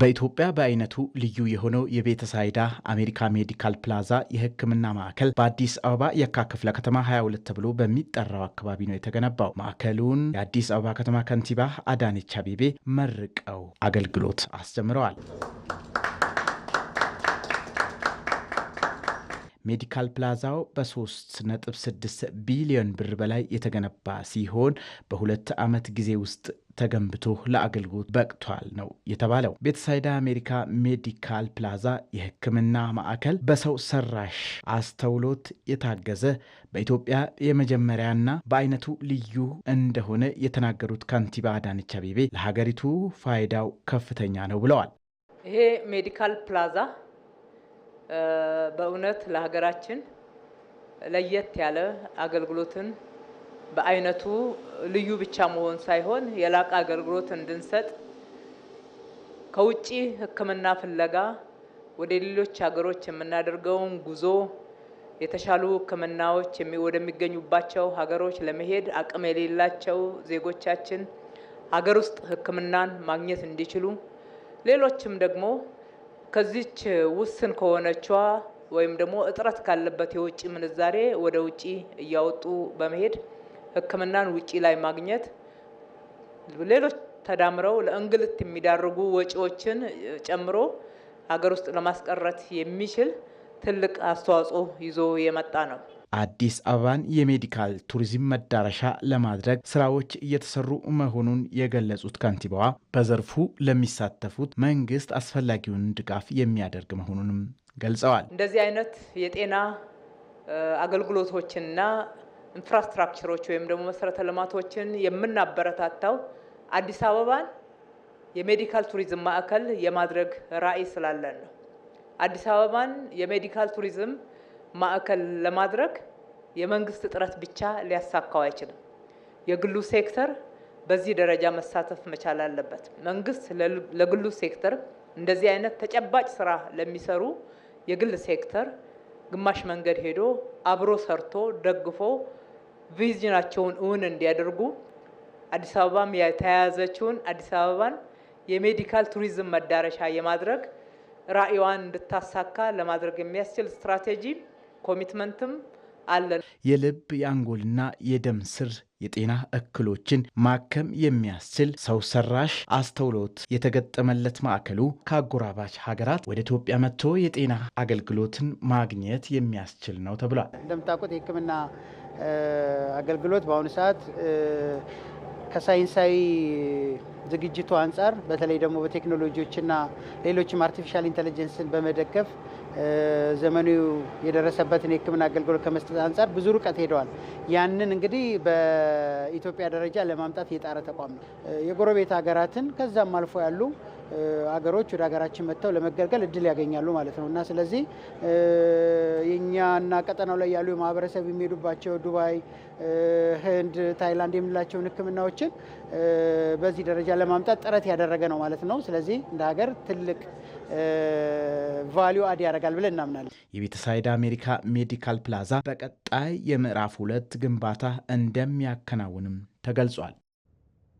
በኢትዮጵያ በአይነቱ ልዩ የሆነው የቤተሳይዳ አሜሪካ ሜዲካል ፕላዛ የሕክምና ማዕከል በአዲስ አበባ የካ ክፍለ ከተማ 22 ተብሎ በሚጠራው አካባቢ ነው የተገነባው። ማዕከሉን የአዲስ አበባ ከተማ ከንቲባ አዳነች አቤቤ መርቀው አገልግሎት አስጀምረዋል። ሜዲካል ፕላዛው በ3.6 ቢሊዮን ብር በላይ የተገነባ ሲሆን በሁለት ዓመት ጊዜ ውስጥ ተገንብቶ ለአገልግሎት በቅቷል ነው የተባለው። ቤተሳይዳ አሜሪካ ሜዲካል ፕላዛ የሕክምና ማዕከል በሰው ሰራሽ አስተውሎት የታገዘ በኢትዮጵያ የመጀመሪያና በአይነቱ ልዩ እንደሆነ የተናገሩት ከንቲባ አዳነች አቤቤ ለሀገሪቱ ፋይዳው ከፍተኛ ነው ብለዋል። ይሄ ሜዲካል ፕላዛ በእውነት ለሀገራችን ለየት ያለ አገልግሎትን በአይነቱ ልዩ ብቻ መሆን ሳይሆን የላቀ አገልግሎት እንድንሰጥ ከውጭ ሕክምና ፍለጋ ወደ ሌሎች ሀገሮች የምናደርገውን ጉዞ የተሻሉ ሕክምናዎች ወደሚገኙባቸው ሀገሮች ለመሄድ አቅም የሌላቸው ዜጎቻችን ሀገር ውስጥ ሕክምናን ማግኘት እንዲችሉ ሌሎችም ደግሞ ከዚች ውስን ከሆነችዋ ወይም ደግሞ እጥረት ካለበት የውጭ ምንዛሬ ወደ ውጭ እያወጡ በመሄድ ህክምናን ውጪ ላይ ማግኘት ሌሎች ተዳምረው ለእንግልት የሚዳርጉ ወጪዎችን ጨምሮ ሀገር ውስጥ ለማስቀረት የሚችል ትልቅ አስተዋጽኦ ይዞ የመጣ ነው። አዲስ አበባን የሜዲካል ቱሪዝም መዳረሻ ለማድረግ ስራዎች እየተሰሩ መሆኑን የገለጹት ከንቲባዋ በዘርፉ ለሚሳተፉት መንግስት አስፈላጊውን ድጋፍ የሚያደርግ መሆኑንም ገልጸዋል። እንደዚህ አይነት የጤና አገልግሎቶችንና ኢንፍራስትራክቸሮች ወይም ደግሞ መሰረተ ልማቶችን የምናበረታታው አዲስ አበባን የሜዲካል ቱሪዝም ማዕከል የማድረግ ራዕይ ስላለን ነው። አዲስ አበባን የሜዲካል ቱሪዝም ማዕከል ለማድረግ የመንግስት ጥረት ብቻ ሊያሳካው አይችልም። የግሉ ሴክተር በዚህ ደረጃ መሳተፍ መቻል አለበት። መንግስት ለግሉ ሴክተር እንደዚህ አይነት ተጨባጭ ስራ ለሚሰሩ የግል ሴክተር ግማሽ መንገድ ሄዶ አብሮ ሰርቶ ደግፎ ቪዥናቸውን እውን እንዲያደርጉ አዲስ አበባም የተያያዘችውን አዲስ አበባን የሜዲካል ቱሪዝም መዳረሻ የማድረግ ራዕይዋን እንድታሳካ ለማድረግ የሚያስችል ስትራቴጂ ኮሚትመንትም አለን። የልብ የአንጎልና የደም ስር የጤና እክሎችን ማከም የሚያስችል ሰው ሰራሽ አስተውሎት የተገጠመለት ማዕከሉ ከአጎራባች ሀገራት ወደ ኢትዮጵያ መጥቶ የጤና አገልግሎትን ማግኘት የሚያስችል ነው ተብሏል። እንደምታውቁት የሕክምና አገልግሎት በአሁኑ ሰዓት ከሳይንሳዊ ዝግጅቱ አንጻር በተለይ ደግሞ በቴክኖሎጂዎችና ሌሎችም አርቲፊሻል ኢንቴሊጀንስን በመደገፍ ዘመኑ የደረሰበትን የሕክምና አገልግሎት ከመስጠት አንጻር ብዙ ርቀት ሄደዋል። ያንን እንግዲህ በኢትዮጵያ ደረጃ ለማምጣት የጣረ ተቋም ነው። የጎረቤት ሀገራትን ከዛም አልፎ ያሉ አገሮች ወደ ሀገራችን መጥተው ለመገልገል እድል ያገኛሉ ማለት ነው እና ስለዚህ የእኛና ቀጠናው ላይ ያሉ የማህበረሰብ የሚሄዱባቸው ዱባይ፣ ህንድ፣ ታይላንድ የምንላቸውን ህክምናዎችን በዚህ ደረጃ ለማምጣት ጥረት ያደረገ ነው ማለት ነው። ስለዚህ እንደ ሀገር ትልቅ ቫሊዩ አድ ያደርጋል ብለን እናምናለን። የቤተሳይዳ አሜሪካ ሜዲካል ፕላዛ በቀጣይ የምዕራፍ ሁለት ግንባታ እንደሚያከናውንም ተገልጿል።